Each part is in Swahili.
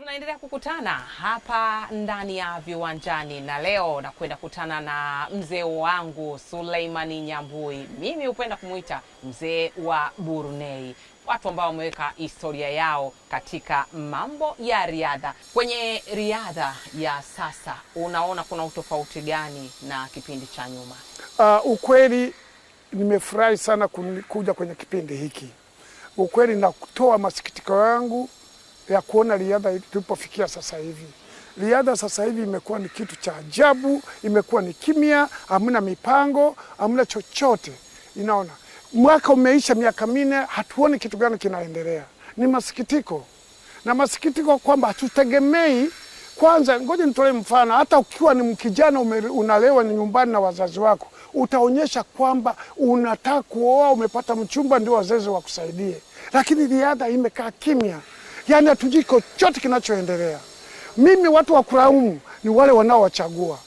Tunaendelea kukutana hapa ndani ya Viwanjani na leo na kwenda kutana na mzee wangu Suleimani Nyambui. Mimi hupenda kumuita mzee wa burunei watu ambao wameweka historia yao katika mambo ya riadha. Kwenye riadha ya sasa, unaona kuna utofauti gani na kipindi cha nyuma? Uh, ukweli nimefurahi sana kuja kwenye kipindi hiki, ukweli na kutoa masikitiko yangu ya kuona riadha tulipofikia sasa hivi. Riadha sasa hivi imekuwa ni kitu cha ajabu, imekuwa ni kimya, hamna mipango, hamna chochote. Inaona mwaka umeisha, miaka minne, hatuoni kitu gani kinaendelea. Ni masikitiko na masikitiko kwamba hatutegemei kwanza. Ngoja nitolee mfano, hata ukiwa ni mkijana unalewa ni nyumbani na wazazi wako, utaonyesha kwamba unataka kuoa, umepata mchumba, ndio wazazi wakusaidie, lakini riadha imekaa kimya yani hatujui chochote kinachoendelea. Mimi watu wa kulaumu ni wale wanaowachagua,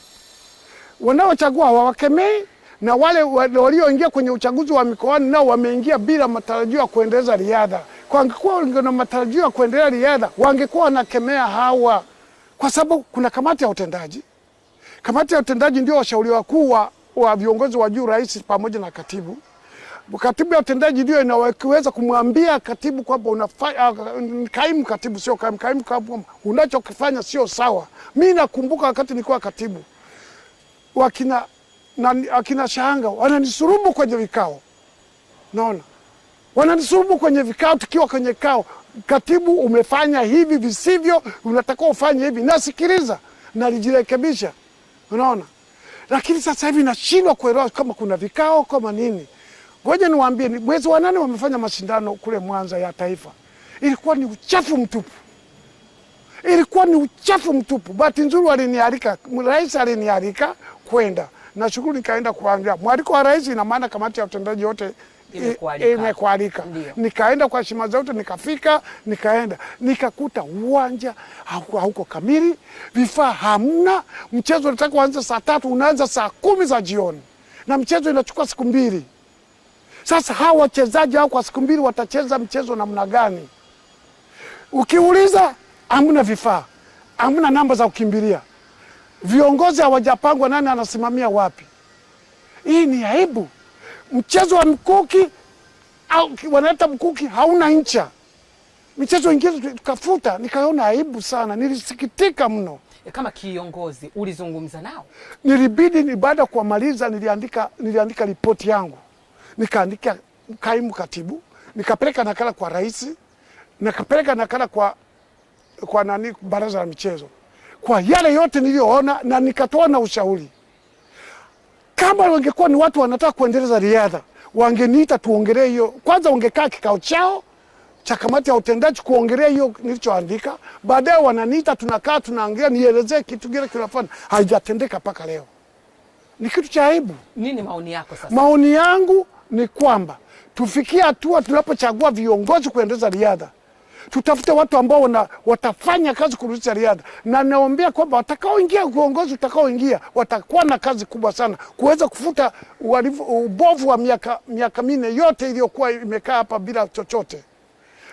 wanaowachagua hawawakemei, na wale walioingia kwenye uchaguzi wa mikoani nao wameingia bila matarajio ya kuendeleza riadha. Wangekuwa na matarajio ya kuendelea riadha, wangekuwa wanakemea hawa, kwa sababu kuna kamati ya utendaji. Kamati ya utendaji ndio washauri wakuu wa viongozi wa juu, rais pamoja na katibu katibu ya utendaji ndio inaweza kumwambia katibu kwamba unafanya uh, kaimu katibu sio kaimu, kaimu, kaimu unachokifanya sio sawa. Mi nakumbuka wakati nilikuwa katibu wakina na, akina Shahanga wananisurubu kwenye vikao, naona wananisurubu kwenye vikao, tukiwa kwenye kao katibu, umefanya hivi visivyo, unatakiwa ufanye hivi. Nasikiliza, nalijirekebisha, unaona. Lakini sasa hivi nashindwa kuelewa kama kuna vikao kama nini. Ngoja niwaambie, mwezi wa nane wamefanya mashindano kule Mwanza ya taifa, ilikuwa ni uchafu mtupu, ilikuwa ni uchafu mtupu. Bahati nzuri walinialika, rais alinialika kwenda, nashukuru nikaenda kuangalia. mwaliko wa rais, ina maana kamati ya utendaji yote imekualika nikaenda kwa heshima zote, nikafika, nikaenda nikakuta uwanja hauko kamili, vifaa hamna. Mchezo unataka kuanza saa tatu, unaanza saa kumi za jioni, na mchezo inachukua siku mbili. Sasa hawa wachezaji hao kwa siku mbili watacheza mchezo namna gani? Ukiuliza, hamna vifaa, hamna namba za kukimbilia, viongozi hawajapangwa, nani anasimamia wapi? Hii ni aibu. Mchezo wa mkuki au wanaleta mkuki, hauna ncha. Michezo ingine tukafuta, nikaona aibu sana, nilisikitika mno. E, kama kiongozi ulizungumza nao? Nilibidi ni baada ya kuwamaliza, niliandika niliandika ripoti yangu nikaandika kaimu katibu, nikapeleka nakala kwa rais, nikapeleka nakala kwa, kwa nani, baraza la michezo, kwa yale yote niliyoona, na nikatoa na ushauri. Kama wangekuwa ni watu wanataka kuendeleza riadha, wangeniita tuongelee hiyo. Kwanza ungekaa kikao chao cha kamati ya utendaji kuongelea hiyo nilichoandika, baadaye wananiita, tunakaa tunaangalia nielezee kitu gile kinafanya. Haijatendeka mpaka leo, ni kitu cha aibu. Nini maoni yako sasa? Maoni yangu ni kwamba tufikie hatua tunapochagua viongozi kuendeleza riadha, tutafute watu ambao wana, watafanya kazi kurudisha riadha, na naombea kwamba watakaoingia uongozi utakaoingia watakuwa na kazi kubwa sana kuweza kufuta ubovu wa miaka, miaka minne yote iliyokuwa imekaa hapa bila chochote.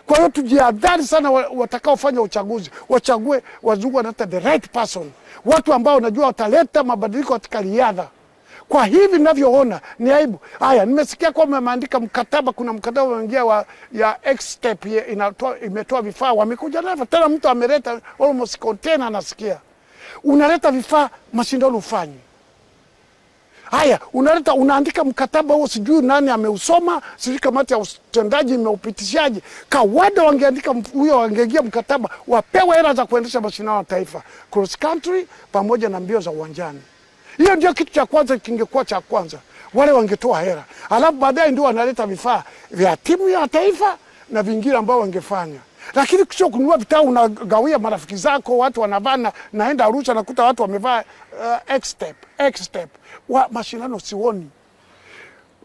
Kwa hiyo tujihadhari sana, watakaofanya uchaguzi wachague wazungu wanaita the right person, watu ambao wanajua wataleta mabadiliko katika riadha. Kwa hivi ninavyoona ni aibu. Haya, nimesikia kwa wameandika mkataba, kuna mkataba unaingia wa ya Xtep inatoa imetoa vifaa, wamekuja navyo tena, mtu ameleta almost container, nasikia unaleta vifaa, mashindano ufanye Haya, unaleta unaandika mkataba huo, sijui nani ameusoma, sijui kamati ya utendaji imeupitishaje. kawada wangeandika huyo, wangeingia mkataba, wapewe hela za kuendesha mashindano ya taifa cross country pamoja na mbio za uwanjani. Hiyo ndio kitu cha kwanza, kingekuwa cha kwanza, wale wangetoa hela, alafu baadaye ndio wanaleta vifaa vya timu ya taifa na vingine ambao wangefanya lakini kisha kununua vitaa unagawia marafiki zako, watu wanavana. Naenda Arusha nakuta watu wamevaa uh, X step X step wa mashindano sioni.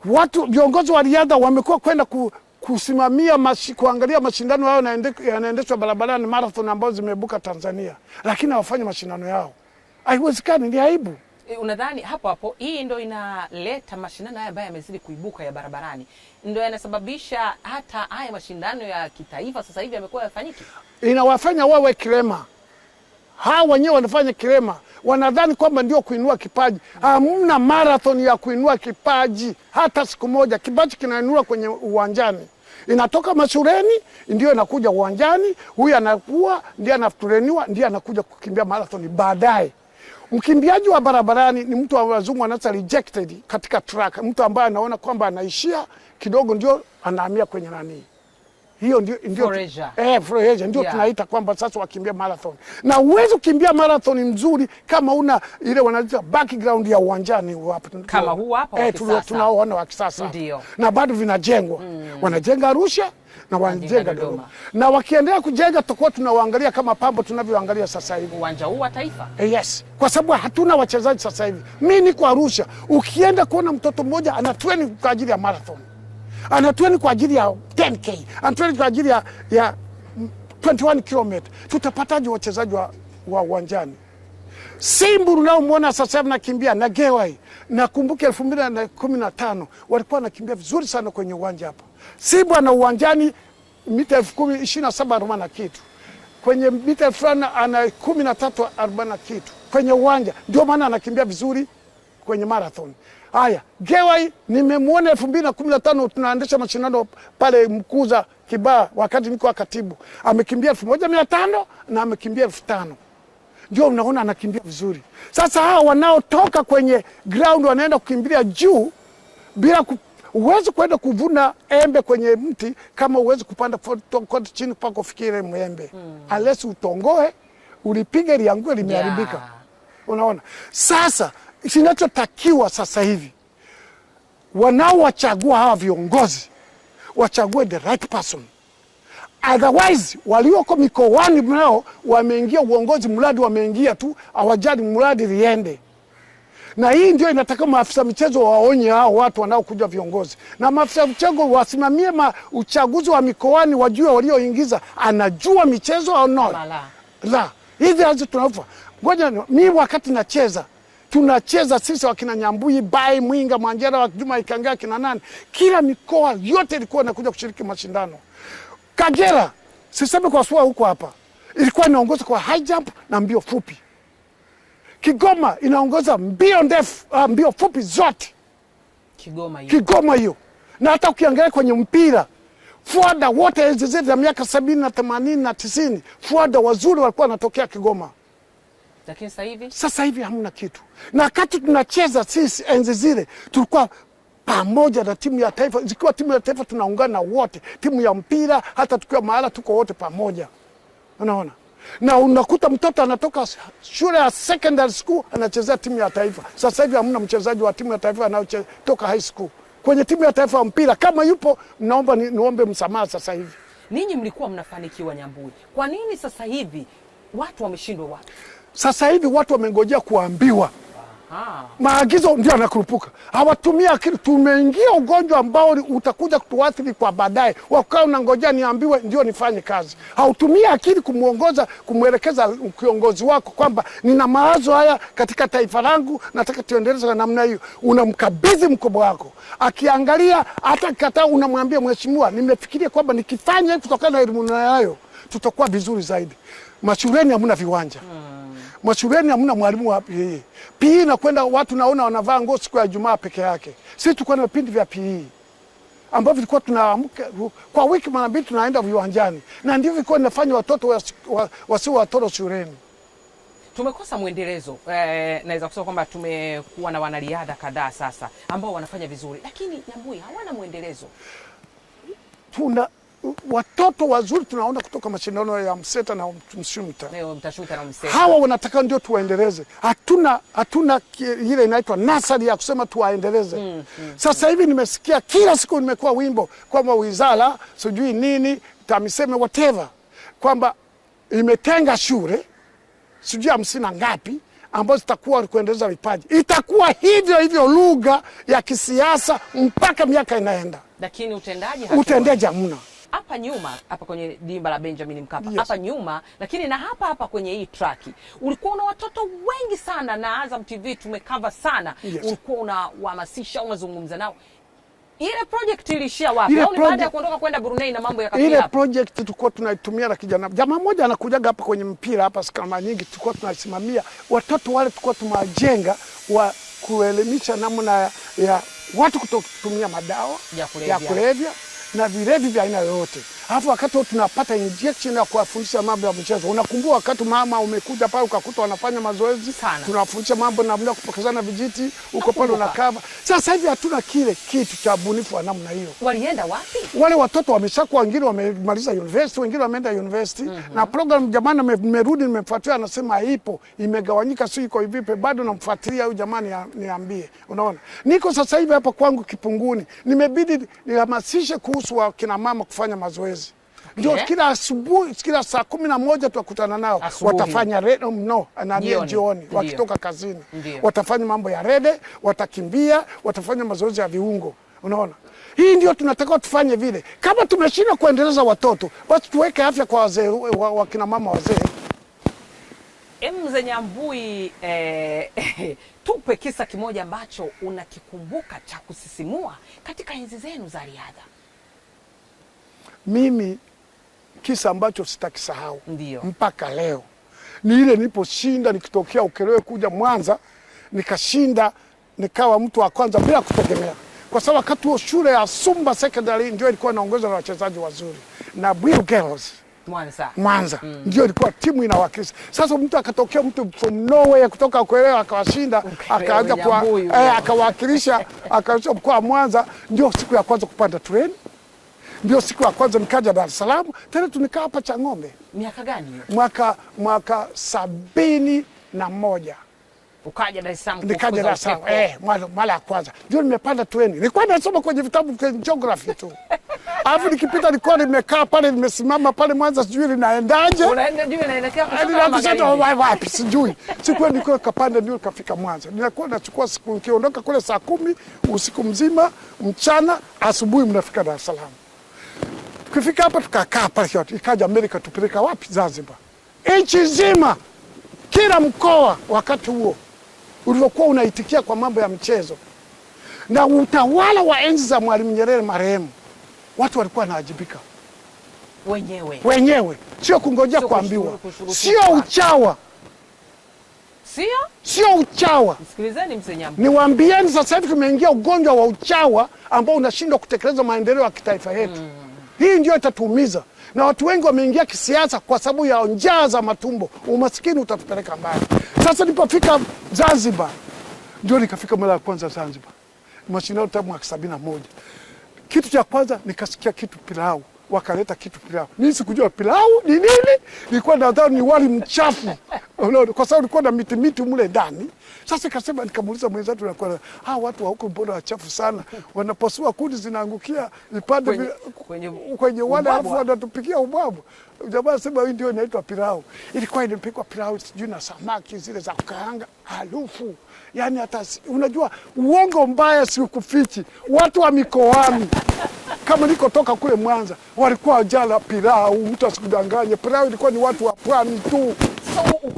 Watu viongozi wa riadha wamekuwa kwenda ku, kusimamia mashi, kuangalia mashindano yao yanaendeshwa barabarani, marathon ambazo zimeibuka Tanzania, lakini hawafanyi mashindano yao. Haiwezekani, ni aibu. Eh, unadhani hapo hapo hii ndo inaleta mashindano haya ambayo yamezidi kuibuka ya barabarani, ndo yanasababisha hata haya mashindano ya kitaifa sasa hivi yamekuwa yafanyiki, inawafanya wawe kilema hawa wenyewe wanafanya kilema, wanadhani kwamba ndio kuinua kipaji. Hamna marathon ya kuinua kipaji hata siku moja. Kipaji kinainua kwenye uwanjani, inatoka mashuleni ndio inakuja uwanjani, huyu anakuwa ndiye anatureniwa, ndiye anakuja kukimbia marathon baadaye. Mkimbiaji wa barabarani ni mtu wazungu anasa rejected katika track, mtu ambaye anaona kwamba anaishia kidogo, ndio anahamia kwenye nani hiyo ndio ndio Eh, foreja ndio yeah. Tunaita kwamba sasa wakimbia marathon, na uwezo kukimbia marathon mzuri kama una ile wanaita background ya uwanjani wapo kama huu hapa eh, tunaoona wa kisasa ndio, na bado vinajengwa mm. Wanajenga Arusha na wanajenga Dodoma, na wakiendelea kujenga tutakuwa tunawaangalia kama pambo tunavyoangalia sasa hivi uwanja huu wa Taifa eh, yes, kwa sababu hatuna wachezaji sasa hivi. Mimi niko Arusha, ukienda kuona mtoto mmoja ana training kwa ajili ya marathon ana kwa ajili ya 10k, ana kwa ajili ya, ya 21 km. Tutapataje wachezaji wa, wa uwanjani? Simbu unaomwona sasa hivi nakimbia na Gewai, nakumbuka elfu mbili na kumi na tano walikuwa wanakimbia vizuri sana kwenye uwanja hapo. Simbu ana uwanjani mita elfu kumi ishirini na saba arobaini na kitu kwenye mita fulani ana kumi na tatu arobaini na kitu kwenye uwanja, ndio maana anakimbia vizuri kwenye marathon. Haya, Gewai nimemwona elfu mbili na kumi na tano tunaendesha mashindano pale Mkuza Kibaa, wakati niko katibu, amekimbia elfu moja mia tano na amekimbia elfu tano ndio unaona anakimbia vizuri. Sasa hawa wanaotoka kwenye ground wanaenda kukimbilia juu bila ku, uwezi kwenda kuvuna embe kwenye mti kama uwezi kupanda kote chini mpaka ufikire mwembe hmm. Alesi utongoe ulipige liangue limeharibika, yeah. Unaona sasa Kinachotakiwa sasa hivi wanaowachagua hawa viongozi wachague the right person, otherwise walioko mikoani mnao wameingia uongozi, mradi wameingia tu, hawajali mradi liende. Na hii ndio inataka maafisa michezo waonye hao watu wanaokuja viongozi, na maafisa michezo wasimamie ma uchaguzi wa mikoani, wajue walioingiza anajua michezo au no la hivi hazi tunavyo. Ngoja mi wakati nacheza tunacheza sisi wakina Nyambui, Bai, Mwinga, Mwanjera, Juma Ikangaa, kina nani, kila mikoa yote ilikuwa inakuja kushiriki mashindano. Kagera sisemi kwa sua huko hapa ilikuwa inaongoza kwa high jump na mbio fupi. Kigoma inaongoza mbio ndefu, uh, mbio fupi zote Kigoma hiyo, Kigoma hiyo. Na hata ukiangalia kwenye mpira FUADA wote enzi zile za miaka sabini na themanini na tisini FUADA wazuri walikuwa wanatokea Kigoma lakini sasa hivi sasa hivi hamna kitu, na wakati tunacheza sisi enzi zile tulikuwa pamoja na timu ya taifa, zikiwa timu ya taifa tunaungana wote, timu ya mpira, hata tukiwa mahala tuko wote pamoja, unaona na unakuta mtoto anatoka shule ya secondary school anachezea timu ya taifa. Sasa hivi hamna mchezaji wa timu ya taifa anayotoka high school kwenye timu ya taifa ya mpira. Kama yupo, naomba ni, niombe msamaha. Sasa hivi ninyi mlikuwa mnafanikiwa Nyambui, kwa nini sasa hivi watu wameshindwa? Watu sasa hivi watu wamengojea kuambiwa. Maagizo ndio anakurupuka hawatumia akili. Tumeingia ugonjwa ambao utakuja kutuathiri kwa baadaye. Wakaa unangojea niambiwe ndio nifanye kazi, hautumii akili kumwongoza, kumwelekeza kiongozi wako kwamba nina mawazo haya katika taifa langu, nataka tuendeleze kwa namna hiyo. Unamkabidhi mkubwa wako, akiangalia hata kataa, unamwambia mheshimiwa, nimefikiria kwamba nikifanya kutokana na elimu nayo tutakuwa vizuri zaidi. Mashuleni hamna viwanja. Hmm. Mashuleni hamna mwalimu wa PE. PE nakwenda watu naona wanavaa nguo siku ya Ijumaa peke yake. Sisi tulikuwa na vipindi vya PE ambavyo tulikuwa tunaamka kwa wiki mara mbili tunaenda viwanjani na ndivyo ilikuwa inafanya watoto wasio wasi watoro shuleni. Tumekosa mwendelezo eh, naweza kusema kwamba tumekuwa na wanariadha kadhaa sasa ambao wanafanya vizuri, lakini Nyambui hawana mwendelezo. Tuna watoto wazuri tunaona kutoka mashindano ya Mseta na Mshuta. Hawa wanataka ndio tuwaendeleze. Hatuna hatuna ile inaitwa nasari ya kusema tuwaendeleze. Mm, mm, Sasa hivi nimesikia kila siku nimekuwa wimbo kwamba wizara sijui nini TAMISEMI whatever kwamba imetenga shule sijui hamsini na ngapi ambazo zitakuwa kuendeleza vipaji. Itakuwa hivyo hivyo lugha ya kisiasa mpaka miaka inaenda, lakini utendaji utendaji hamna hapa nyuma, hapa kwenye dimba la Benjamin Mkapa hapa yes, nyuma, lakini na hapa hapa kwenye hii traki ulikuwa una watoto wengi sana, na Azam TV tumekava sana yes, ulikuwa unawahamasisha, unazungumza nao ile project ilishia wapi? Au ni baada ya kuondoka kwenda Brunei na mambo yakafia? Ile project tulikuwa tunaitumia na kijana jamaa mmoja anakujaga hapa kwenye mpira hapa, sikama nyingi tulikuwa tunasimamia. Watoto wale tulikuwa tumajenga wa kuelimisha namna ya watu kutokutumia madawa ya kulevya na vilevi vya aina yoyote. Alafu wakati tunapata injection ya kuwafundisha mambo ya mchezo. Unakumbuka wakati mama umekuja pale ukakuta wanafanya mazoezi, tunawafundisha mambo na ya kupokezana vijiti, uko pale unakava. Sasa hivi hatuna kile kitu cha bunifu wa namna hiyo. Walienda wapi? Wale watoto wameshakuwa, wengine wamemaliza university, wengine wameenda university mm -hmm. na program jamani, nimerudi nimefuatilia, anasema ipo imegawanyika, si iko vipi? Bado namfuatilia huyu jamani, niambie. Unaona, niko sasa hivi hapa kwangu Kipunguni, nimebidi nihamasishe kuhusu wakina mama kufanya mazoezi ndio yeah. Kila asubuhi kila saa kumi na moja tuwakutana nao asubuhi. Watafanya rede, no, nani jioni wakitoka kazini Ndiyo. Watafanya mambo ya rede, watakimbia, watafanya mazoezi ya viungo. Unaona, hii ndio tunatakiwa tufanye vile. Kama tumeshindwa kuendeleza watoto, basi tuweke afya kwa wazee, wakina mama wazee. Eh, Mzee Nyambui, eh, tupe kisa kimoja ambacho unakikumbuka cha kusisimua katika enzi zenu za riadha. Mimi kisa ambacho sitakisahau mpaka leo ni ile niliposhinda nikitokea Ukerewe kuja Mwanza, nikashinda nikawa mtu wa kwanza bila kutegemea, kwa sababu wakati huo shule ya Sumba Secondary ndio ilikuwa inaongozwa na wachezaji wazuri na Blue Girls Mwanza, Mwanza mm. ndio ilikuwa timu inawakilisha. Sasa mtu akatokea mtu from nowhere kutoka Ukerewe akawashinda, akaanza eh, akawakilisha akawakilisha mkoa wa Mwanza. Ndio siku ya kwanza kupanda treni ndio siku ya kwanza nikaja Dar es Salaam, tena tunikaa hapa Chang'ombe. Miaka gani? Mwaka mwaka sabini na moja ukaja Dar es Salaam, nikaja Dar es Salaam eh, mara ya kwanza ndio nimepanda treni. Nilikuwa nasoma kwenye vitabu vya geography tu alafu nikipita nilikuwa nimekaa pale, nimesimama pale Mwanza, sijui linaendaje, unaenda juu inaelekea kushoto yaani wapi, sijui sikuwa nilikuwa kapanda ndio nikafika Mwanza. Nilikuwa nachukua siku, nikiondoka kule saa kumi usiku mzima, mchana, asubuhi mnafika Dar es Salaam. Tukifika hapa tukakaa pale, ikaja Amerika, tupeleka wapi? Zanzibar, nchi nzima, kila mkoa. Wakati huo ulivyokuwa unaitikia kwa mambo ya mchezo na utawala wa enzi za Mwalimu Nyerere marehemu, watu walikuwa wanaajibika wenyewe, wenyewe, sio kungojea kuambiwa, sio uchawa Sio? Sio uchawa. Msikilizeni Msenyambo. Niwaambieni sasa hivi tumeingia ugonjwa wa uchawa ambao unashindwa kutekeleza maendeleo ya kitaifa yetu. Mm. Hii ndio itatuumiza, na watu wengi wameingia kisiasa kwa sababu ya njaa za matumbo. Umasikini utatupeleka mbali. Sasa nilipofika Zanzibar, ndio nikafika mara ya kwanza Zanzibar mashindano tamu mwaka sabini na moja. Kitu cha kwanza nikasikia kitu pilau wakaleta kitu pilau. Mimi sikujua pilau ni nini, nilikuwa nadhani ni wali mchafu kwa sababu ulikuwa na miti miti mle ndani. Sasa ikasema, nikamuuliza mwenzangu na kwa ah, watu wa huko mbona wachafu sana, wanapasua kundi zinaangukia ipande kwenye, kwenye, kwenye wale alafu wanatupikia ubwabu. Jamaa sema hii ndio inaitwa pilau. Ilikuwa inapikwa pilau sijui na samaki zile za kukaanga, harufu yani hata unajua, uongo mbaya si ukufichi watu wa mikoani kama toka kule Mwanza walikuwa wajala pilau, mtu asikudanganye, pilau ilikuwa ni watu wa pwani tu so,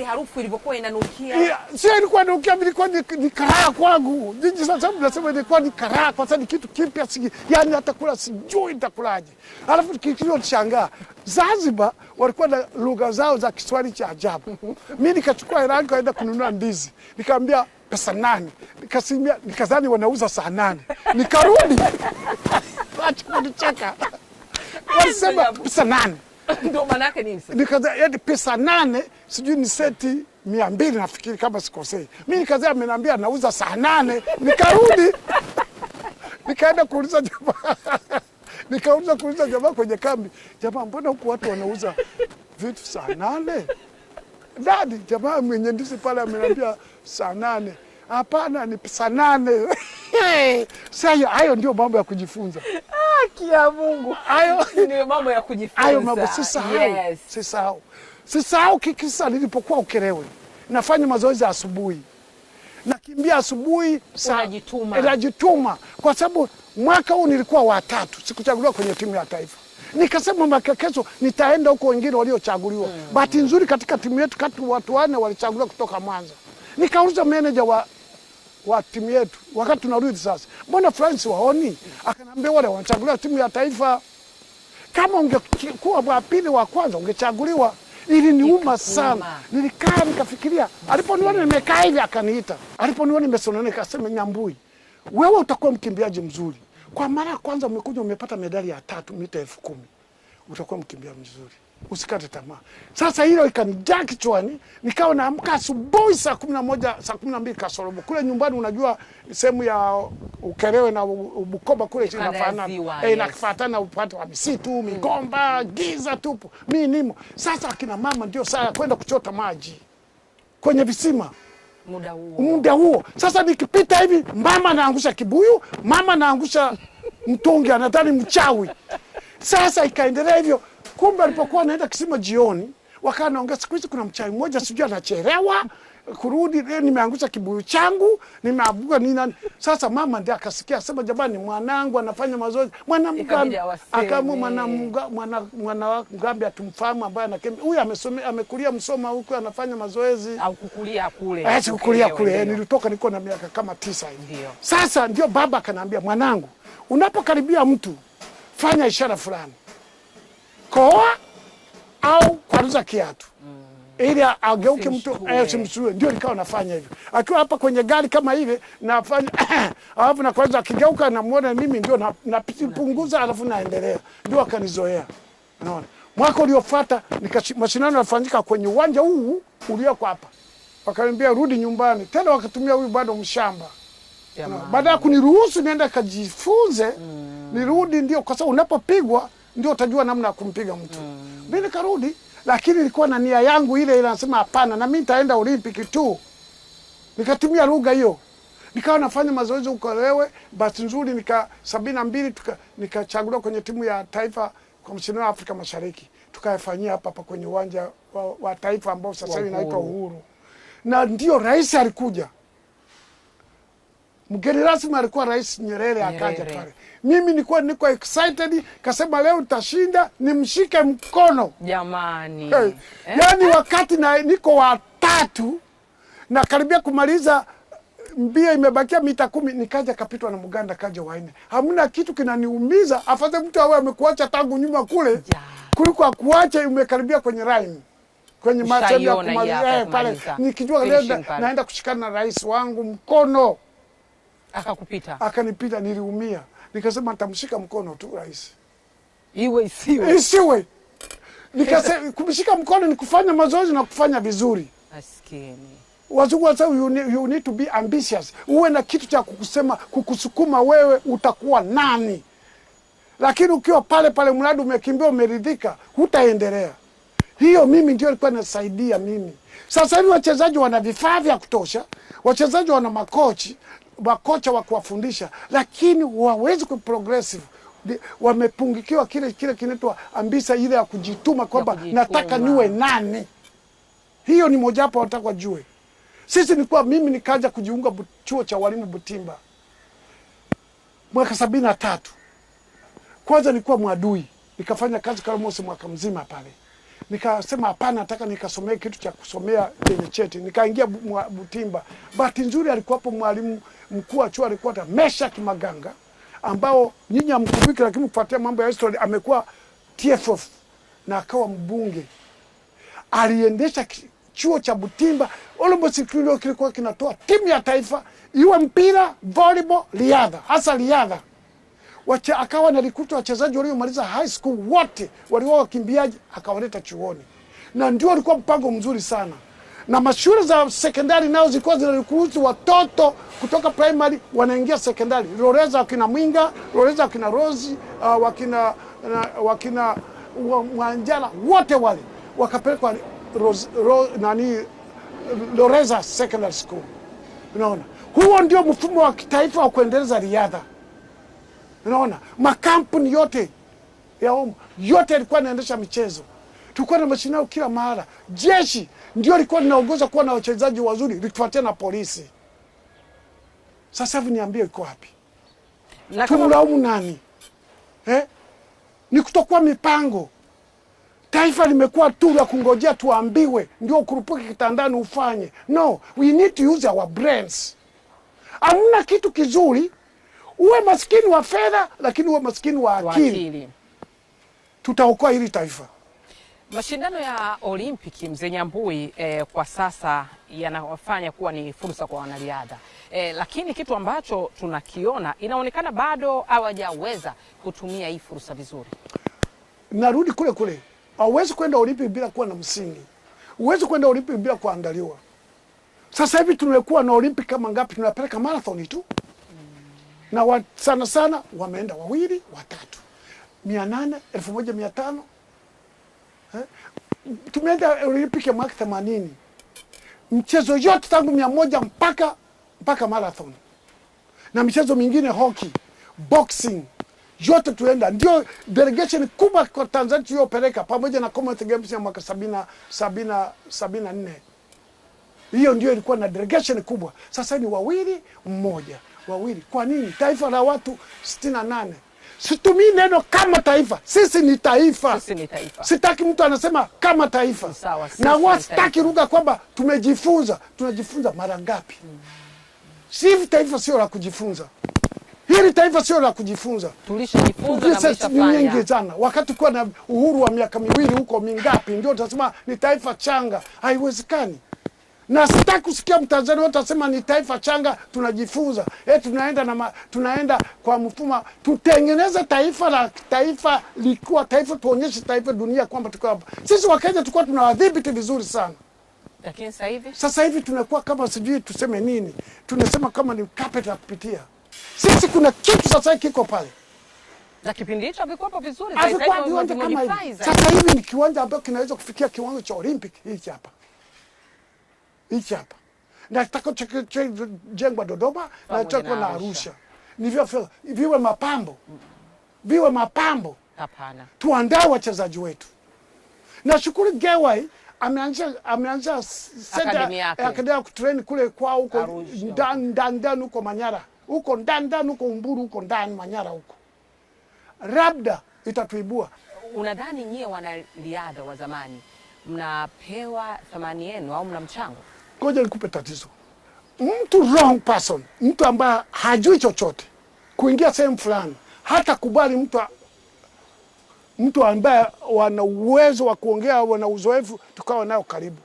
ile harufu ilivyokuwa inanukia? Yeah, sio ilikuwa inanukia, ilikuwa ni, ni karaa kwangu. Nyinyi sasa mnasema ilikuwa ni karaa, kwa sababu kitu kipya si, yani hata kula sijui nitakulaje. Alafu kilichonishangaa Zanzibar walikuwa na lugha zao za Kiswahili cha ajabu. Mimi nikachukua hela yangu kaenda kununua ndizi, nikamwambia pesa nani? nikasimia, nikazani wanauza saa nane, nikarudi acha kunicheka, Wanasema pesa nani? ndio maana yake nini sasa? Nikazaa yaani pesa nane sijui ni seti mia mbili nafikiri kama sikosei. Mi nikaza ameniambia nauza saa nane nikarudi nikaenda kuuliza jamaa nikauza kuuliza jamaa kwenye kambi, jamaa, mbona huku watu wanauza vitu saa nane? Dadi jamaa mwenye ndizi pale ameniambia saa nane. Hapana, ni saa nane. Sasa hayo ndio mambo ya kujifunza haki ya Mungu. Hayo ni mambo ya kujifunza. Hayo mambo sisahau. Yes. Sisahau. Sisahau kikisa nilipokuwa Ukerewe. Nafanya mazoezi asubuhi. Nakimbia asubuhi saa najituma. jituma kwa sababu mwaka huu nilikuwa wa tatu, sikuchaguliwa kwenye timu ya taifa. Nikasema mwaka kesho nitaenda huko wengine waliochaguliwa. Mm. Bahati nzuri katika timu yetu kati watu wanne walichaguliwa kutoka Mwanza. Nikauliza meneja wa wa timu yetu wakati tunarudi sasa, mbona France waoni? akanambia wale wanachaguliwa timu ya taifa, kama ungekuwa wa pili wa kwanza ungechaguliwa. Ili niuma sana, nilikaa nikafikiria. Aliponiona nimekaa hivi, akaniita. Aliponiona nimesonana nikasema Nyambui, wewe utakuwa mkimbiaji mzuri. Kwa mara ya kwanza umekuja umepata medali ya tatu mita elfu kumi, utakuwa mkimbiaji mzuri usikate tamaa. Sasa hilo ikanijaa kichwani, nikawa naamka asubuhi saa kumi na moja saa kumi na mbili kasorobo kule nyumbani. Unajua sehemu ya Ukerewe na Bukoba kule inafanana eh, upate wa misitu, mm. migomba, giza tupu, mi nimo. Sasa akina mama ndio saa ya kwenda kuchota maji kwenye visima muda huo, muda huo. Sasa nikipita hivi, mama naangusha kibuyu, mama naangusha mtungi, anadhani mchawi. Sasa ikaendelea hivyo Kumbe alipokuwa anaenda Kisima jioni, wakaa naongea, siku hizi kuna mchawi mmoja sijui anachelewa kurudi leo, eh, nimeangusha kibuyu changu, nimeabuka nina. Sasa mama ndiye akasikia, asema jamani, mwanangu anafanya mazoezi. Mwanamgambi akamwa mwanamgambi, mwanamgambi atumfahamu, ambaye anakembe huyu, amesome amekulia Msoma huko, anafanya mazoezi au kukulia kule. Eh, sikukulia kule, eh, nilitoka niko na miaka kama tisa hivi. Sasa ndio baba akaniambia, mwanangu, unapokaribia mtu fanya ishara fulani koa au kwanza kiatu mm. ili ageuke mtu asimsue. Ndio nikawa nafanya hivyo, akiwa hapa kwenye gari kama hivi nafanya alafu na kwanza akigeuka namuona mimi, ndio napunguza, alafu naendelea, ndio akanizoea. Unaona, mwaka uliofuata mashindano yalifanyika kwenye uwanja huu ulioko hapa, wakaniambia rudi nyumbani tena, wakatumia huyu bado mshamba baada ya kuniruhusu nienda kajifunze, mm. nirudi, ndio kwa sababu unapopigwa ndio utajua namna ya kumpiga mtu. Mm. Mimi nikarudi, lakini ilikuwa na nia yangu ile ile, nasema hapana, na mimi nitaenda Olympic tu. Nikatumia lugha hiyo. Nikawa nafanya mazoezi huko Lewe, bahati nzuri nika sabini na mbili nikachaguliwa kwenye timu ya taifa kwa mshindano wa Afrika Mashariki. Tukayafanyia hapa hapa kwenye uwanja wa, wa taifa ambao sasa hivi inaitwa Uhuru. Na ndio rais alikuja. Mgeni rasmi alikuwa Rais Nyerere, Nyerere. Akaja pale mimi nilikuwa niko excited, kasema leo nitashinda, nimshike mkono jamani. Hey. Eh. Yaani wakati na niko watatu na karibia kumaliza mbia imebakia mita kumi, nikaja kapitwa na Muganda kaja waine. Hamna kitu kinaniumiza, afadhali mtu awe amekuacha tangu nyuma kule yeah, kuliko akuache umekaribia kwenye raimu kwenye masemi ya kumalizia eh, pale, nikijua leo naenda kushikana na rais wangu mkono, akakupita akanipita, niliumia. Nikasema ntamshika mkono tu rais, iwe isiwe, isiwe. nikase kumshika mkono ni kufanya mazoezi na kufanya vizuri. Maskini wazungu wanasema you you need to be ambitious, uwe na kitu cha kukusema kukusukuma wewe utakuwa nani, lakini ukiwa pale pale mradi umekimbia umeridhika, hutaendelea. Hiyo mimi ndio ilikuwa inasaidia mimi. Sasa hivi wachezaji wana vifaa vya kutosha, wachezaji wana makochi, makocha wa kuwafundisha, lakini wawezi ku progressive wamepungikiwa kile kile kinaitwa ambisa ile ya kujituma, kwamba nataka niwe nani. Hiyo ni mojawapo wanataka wajue. Sisi nilikuwa mimi nikaja kujiunga chuo cha walimu Butimba mwaka sabini na tatu. Kwanza nilikuwa mwadui, nikafanya kazi kama mwaka mzima pale nikasema hapana, nataka nikasomee kitu cha kusomea chenye cheti. Nikaingia Butimba. Bahati nzuri alikuwapo mwalimu mkuu wa chuo alikuwa Mesha Kimaganga, ambao nyinyi hamkumbuki, lakini kufuatia mambo ya historia amekuwa TFF na akawa mbunge. Aliendesha chuo cha Butimba almost kilikuwa kinatoa timu ya taifa iwe mpira, volleyball, riadha, hasa riadha wache, akawa nalikuta wachezaji waliomaliza high school wote walioa wakimbiaji akawaleta chuoni, na ndio alikuwa mpango mzuri sana na mashule za sekondari nao zilikuwa zinaruhusu watoto kutoka primary wanaingia sekondari. Loreza wakina Mwinga, Loreza wakina Rozi, uh, wakina uh, wakina Mwanjala wote wale wakapelekwa nani Loreza Secondary School. Unaona, huo ndio mfumo wa kitaifa wa kuendeleza riadha. Unaona, makampuni yote ya umu yote yalikuwa yanaendesha michezo, tulikuwa na mashindano kila mahala. Jeshi ndio likuwa linaongoza kuwa na wachezaji wazuri, likifuatia na polisi. Sasa hivi niambie, iko wapi? Tumlaumu nani eh? Ni kutokuwa mipango. Taifa limekuwa tu la kungojea tuambiwe ndio ukurupuke kitandani ufanye. No, we need to use our brains. Hamna kitu kizuri uwe maskini wa fedha, lakini uwe maskini wa akili, tutaokoa hili taifa. Mashindano ya Olimpiki Mzee Nyambui eh, kwa sasa yanafanya kuwa ni fursa kwa wanariadha eh, lakini kitu ambacho tunakiona inaonekana bado hawajaweza kutumia hii fursa vizuri. Narudi kule kule, hauwezi kwenda Olimpiki bila kuwa na msingi, huwezi kwenda Olimpiki bila kuandaliwa. Sasa hivi tumekuwa na Olimpiki kama ngapi? Tunapeleka marathoni tu na wa, sana sana wameenda wawili watatu, mia nane elfu moja mia tano eh? Tumeenda Olympic ya mwaka themanini mchezo yote tangu mia moja mpaka mpaka marathon na michezo mingine hockey, boxing yote tuenda, ndio delegation kubwa kwa Tanzania tuliyopeleka pamoja na Commonwealth Games ya mwaka sabina, sabina, sabina nne. Hiyo ndio ilikuwa na delegation kubwa. Sasa ni wawili mmoja wawili. Kwa nini? Taifa la watu sitini na nane. Situmii neno kama taifa. Sisi ni taifa, sisi ni taifa. Sitaki mtu anasema kama taifa sawa, sisi na huwa sitaki lugha kwamba tumejifunza. Tunajifunza mara ngapi? mm. Hivi taifa sio la kujifunza, hili taifa sio la kujifunza. Tulishajifunza ni nyingi sana. Wakati kuwa na uhuru wa miaka miwili huko mingapi, ndio utasema ni taifa changa? Haiwezekani na sitaki kusikia Mtanzania wote asema ni taifa changa, tunajifunza e, tunaenda na ma, tunaenda kwa mfuma. Tutengeneze taifa la taifa likuwa taifa, tuonyeshe taifa dunia kwamba tuko hapa. Sisi Wakenya tulikuwa tunawadhibiti vizuri sana, lakini sasa hivi sasa hivi tunakuwa kama sijui tuseme nini, tunasema kama ni carpet ya kupitia. Sisi kuna kitu sasa kiko pale na kipindi hicho havikuwa vizuri, havikuwa viwanja kama hivi. Sasa hivi ni kiwanja ambacho kinaweza kufikia kiwango cha Olympic hichi hapa hichi hapa na jengwa Dodoma na chako na Arusha ni viwe mapambo, viwe mapambo. Hapana, tuandae wachezaji wetu. Nashukuru Gewai ameanza ameanza akademia ya kutrain kule kwa huko ndani huko Manyara huko ndani huko Umburu huko ndani Manyara huko, labda itatuibua. Unadhani nyie wanariadha wa zamani mnapewa thamani yenu au mna mchango? Ngoja nikupe tatizo. Mtu wrong person, mtu ambaye hajui chochote kuingia sehemu fulani, hata kubali mtu mtu ambaye wana uwezo wa kuongea, wana uzoefu, tukawa nao karibu.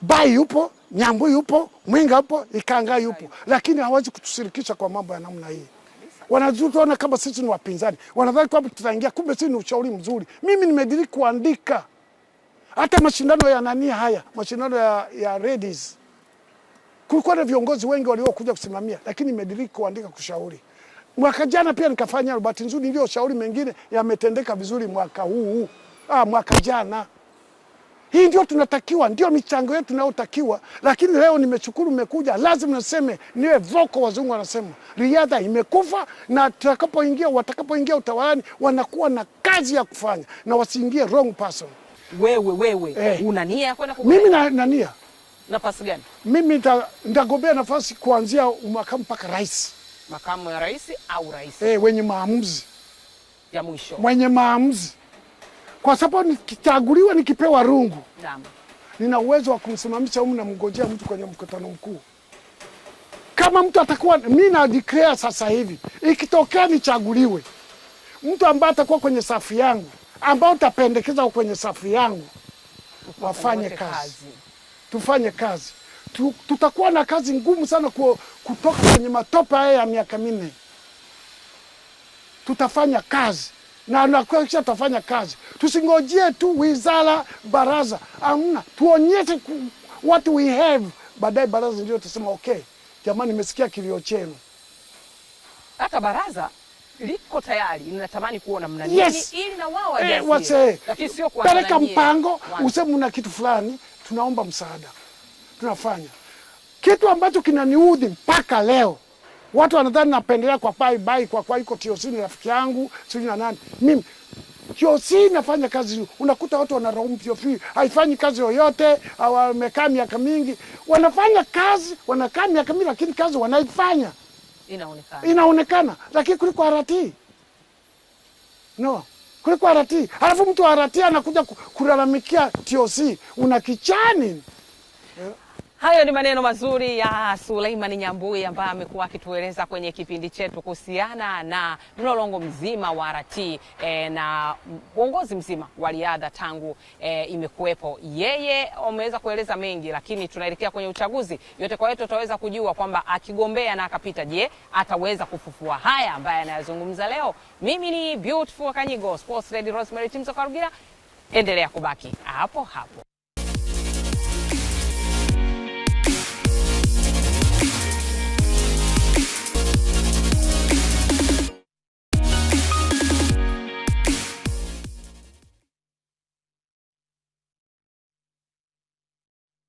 Bai yupo, Nyambu yupo, Mwinga yupo, Ikanga yupo, lakini hawezi kutushirikisha kwa mambo ya namna hii. Wanatuona kama sisi ni wapinzani, wanadhani kwamba tutaingia, kumbe sisi ni ushauri mzuri. Mimi nimediriki kuandika hata mashindano ya nani haya, mashindano ya, ya Ladies kulikuwa na viongozi wengi waliokuja kusimamia, lakini nimediriki kuandika kushauri. Mwaka jana pia nikafanya, bahati nzuri ndio shauri mengine yametendeka vizuri mwaka huu ah, mwaka jana. Hii ndio tunatakiwa, ndio michango yetu tunayotakiwa. Lakini leo nimeshukuru, mmekuja, lazima naseme, niwe voko. Wazungu wanasema riadha imekufa, na tutakapoingia, watakapoingia utawalani, wanakuwa na kazi ya kufanya, na wasiingie wrong person. Wewe wewe eh, una nia ya kwenda kugombea? Mimi na, na nia. Nafasi gani? Mimi nitagombea nafasi kuanzia makamu mpaka rais. Makamu ya rais au rais? Eh, wenye maamuzi ya mwisho, mwenye maamuzi, kwa sababu nikichaguliwa, nikipewa rungu, naam, nina uwezo wa kumsimamisha na mgojea mtu kwenye mkutano mkuu. Kama mtu atakuwa, mimi na declare sasa hivi, ikitokea nichaguliwe, mtu ambaye atakuwa kwenye safu yangu ambao utapendekeza kwenye safu yangu wafanye kazi. tufanye kazi tu, tutakuwa na kazi ngumu sana ku, kutoka kwenye matope haya ya miaka minne. Tutafanya kazi na nakisha, tutafanya kazi, tusingojee tu wizara baraza, amna, tuonyeshe what we have. Baadaye baraza ndio tutasema okay, jamani, nimesikia kilio chenu. Hata baraza liko tayari, ninatamani kuona mna nini yes. ili na wao eh, wajue, lakini sio kwa peleka mpango useme una kitu fulani, tunaomba msaada, tunafanya kitu ambacho kinaniudhi mpaka leo. Watu wanadhani napendelea kwa bye bye, kwa kwa iko TOC ni rafiki yangu sijui na nani mimi TOC nafanya kazi, unakuta watu wanaraumu TOC haifanyi kazi yoyote, wamekaa miaka mingi, wanafanya kazi, wanakaa miaka mingi, lakini kazi wanaifanya inaonekana, inaonekana lakini kuliko harati no kuliko harati. Halafu mtu harati anakuja kulalamikia TOC, una kichani Hayo ni maneno mazuri ya Suleiman Nyambui ambaye amekuwa akitueleza kwenye kipindi chetu kuhusiana na mlolongo mzima wa RT e, eh, na uongozi mzima wa riadha tangu e, imekuwepo. Yeye ameweza kueleza mengi, lakini tunaelekea kwenye uchaguzi. Yote kwa yote tutaweza kujua kwamba akigombea na akapita, je, ataweza kufufua haya ambaye anayazungumza leo? Mimi ni Beautiful Kanyigo, Sports Lady Rosemary Karugira, endelea kubaki hapo hapo.